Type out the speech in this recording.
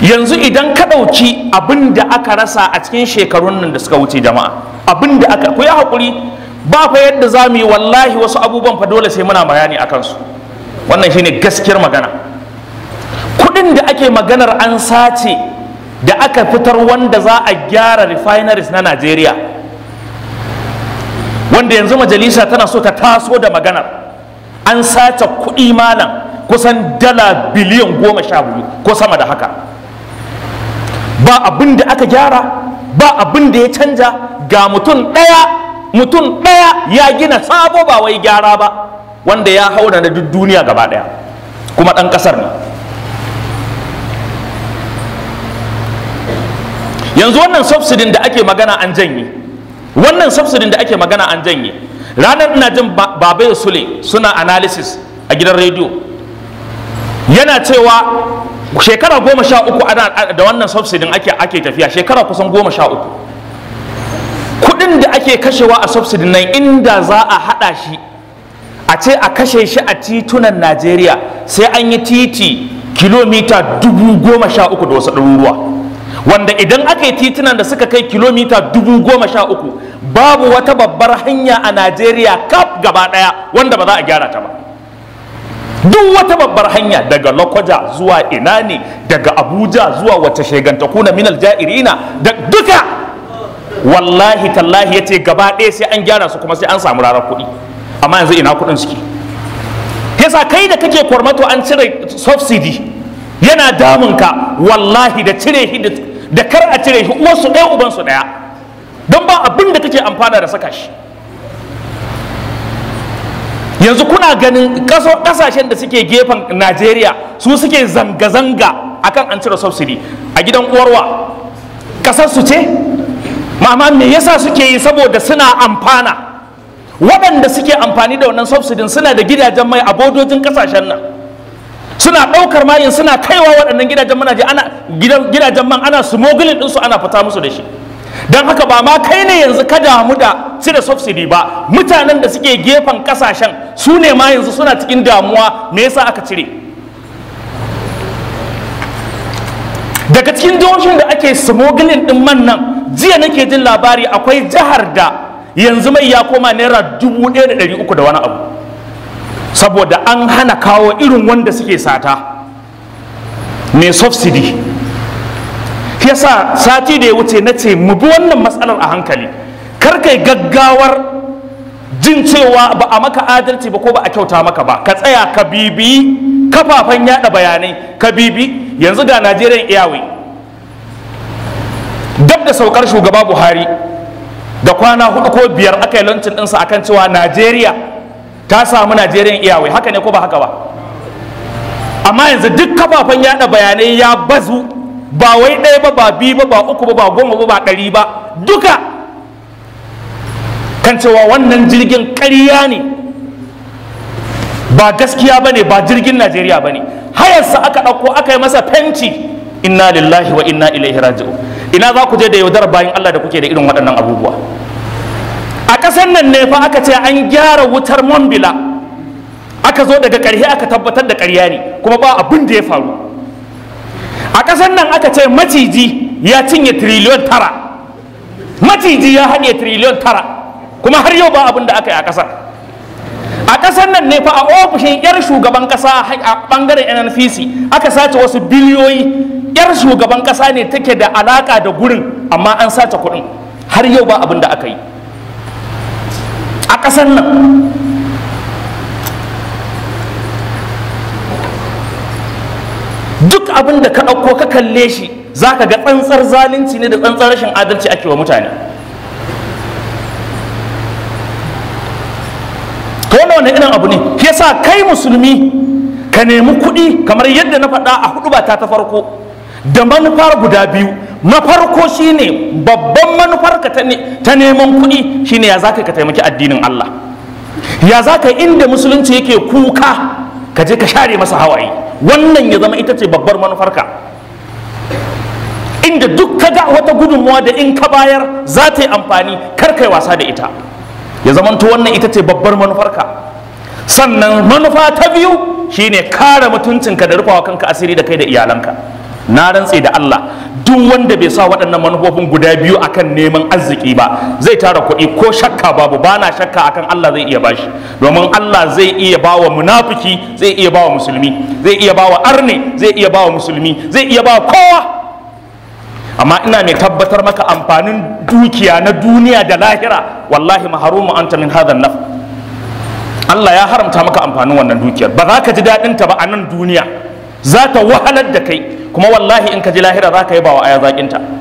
yanzu idan ka ɗauki abin da aka rasa a cikin shekarun nan da suka wuce jama'a abin da aka ku yi haƙuri ba fa yadda za mu yi wallahi wasu abubuwan fa dole sai muna bayani a kansu wannan shine gaskiyar magana kuɗin da ake maganar an sace da aka fitar wanda za a gyara refineries na najeriya wanda yanzu majalisa tana so ta taso da maganar an sace kuɗi malam kusan dala biliyan goma sha biyu ko sama da haka ba abin da aka gyara ba abin da ya canja ga mutum ɗaya mutum ɗaya ya gina sabo ba wai gyara ba wanda ya haura da duk duniya gaba ɗaya kuma ɗan ƙasar ne yanzu wannan subsidin da ake magana an janye wannan subsidin da ake magana an janye ranar ina jin baba ya sule suna analysis a gidan rediyo yana cewa shekara goma sha uku da wannan subsidin ake ake tafiya shekara kusan goma sha uku kudin da ake kashewa a subsidin nan inda za a hada shi a ce a kashe shi a titunan najeriya sai an yi titi kilomita dubu goma sha uku da wasu ɗaruruwa wanda idan aka yi titunan da suka kai kilomita dubu goma sha uku babu wata babbar hanya a najeriya kaf gaba ɗaya wanda ba za a gyara ta ba duk wata babbar hanya daga lokoja zuwa ina ne daga abuja zuwa wata shegantaku na minal ja'irina da duka wallahi tallahi ya ce gaba ɗaya sai an gyara su kuma sai an samu rarar kuɗi amma yanzu ina kuɗin suke yasa kai da kake kwarmato an cire subsidy yana damun ka? wallahi da cire shi da kar a cire shi uwarsu ɗaya uban su ɗaya don ba abin da kake amfana da saka shi yanzu kuna ganin kasashen da suke gefen najeriya su suke zanga-zanga akan an cire subsidy a gidan uwarwa kasar su ce mama me yasa suke yi saboda suna amfana waɗanda suke amfani da wannan subsidin suna da gidajen mai a bodojin kasashen nan suna ɗaukar mayin suna kaiwa waɗannan gidajen man ana smuggling ɗinsu ana fita musu da shi don haka ba ma kai ne yanzu ka damu da cire subsidy ba mutanen da suke gefen kasashen su ne ma yanzu suna cikin damuwa me yasa aka cire daga cikin jihohin da ake smuggling din man nan jiya nake jin labari akwai jihar da yanzu mai ya koma naira dubu ɗaya da ɗari uku da wani abu saboda an hana kawo irin wanda suke sata mai subsidy shi yasa sati da ya wuce na ce mu bi wannan matsalar a hankali kar kai gaggawar jin cewa ba a maka adalci ba ko ba a kyauta maka ba ka tsaya ka bibi kafafen yada bayanai ka bibi yanzu ga Najeriya iyawai dab da saukar shugaba Buhari da kwana hudu ko biyar aka yi lancin ɗinsa akan cewa Najeriya ta samu Najeriya iyawai haka ne ko ba haka ba amma yanzu duk kafafen yada bayanai ya bazu ba wai ɗaya ba ba biyu ba ba uku ba ba goma ba ba ɗari ba duka kan cewa wannan jirgin ƙarya ne ba gaskiya ba ba jirgin najeriya ba ne hayarsa aka ɗauko aka yi masa fenti inna lillahi wa inna ilaihi raji'u ina za ku je da yaudar bayan allah da kuke da irin waɗannan abubuwa a ƙasar nan ne fa aka ce an gyara wutar mambila aka zo daga ƙarhe aka tabbatar da ƙarya ne kuma ba abin da ya faru a ƙasar nan aka ce maciji ya cinye triliyon tara maciji ya haɗe triliyon tara kuma har yau ba abin da aka yi a ƙasar a ƙasar nan ne fa a ofishin yar shugaban ƙasa a ɓangaren nnpc aka sace wasu biliyoyi yar shugaban ƙasa ne take da alaƙa da gurin amma an sace kuɗin har yau ba abin da aka yi a ƙasar nan abin da ka ɗauko ka kalle shi za ka ga tsantsar zalunci ne da tsantsar rashin adalci ake wa mutane to wannan wani irin abu ne yasa kai musulmi ka nemi kuɗi kamar yadda na faɗa a hudu ba ta ta farko da manufar guda biyu na farko shine babban manufar ka ta neman kuɗi shine ya za ka taimaki addinin Allah ya za ka inda musulunci yake kuka ka je ka share masa hawaye wannan ya zama ita ce babbar manufarka inda duk ka ga wata gudunmuwa da in ka bayar za ta yi amfani kar kai wasa da ita ya zamanto wannan ita ce babbar manufarka sannan manufa ta biyu shine kare mutuncinka da rufawa kanka asiri da kai da iyalanka na rantse da Allah duk wanda bai sa waɗannan manufofin guda biyu akan neman arziki ba zai tara kuɗi ko shakka babu bana shakka akan Allah zai iya bashi domin Allah zai iya bawa munafiki zai iya bawa musulmi zai iya bawa arne zai iya bawa musulmi zai iya bawa kowa amma ina mai tabbatar maka amfanin dukiya na duniya da lahira wallahi maharumu anta min hadhan naf Allah ya haramta maka amfanin wannan dukiyar ba za ka ji daɗinta ba a nan duniya za ta wahalar da kai kuma wallahi in ka ji lahira za ka yi ba wa aya zaƙinta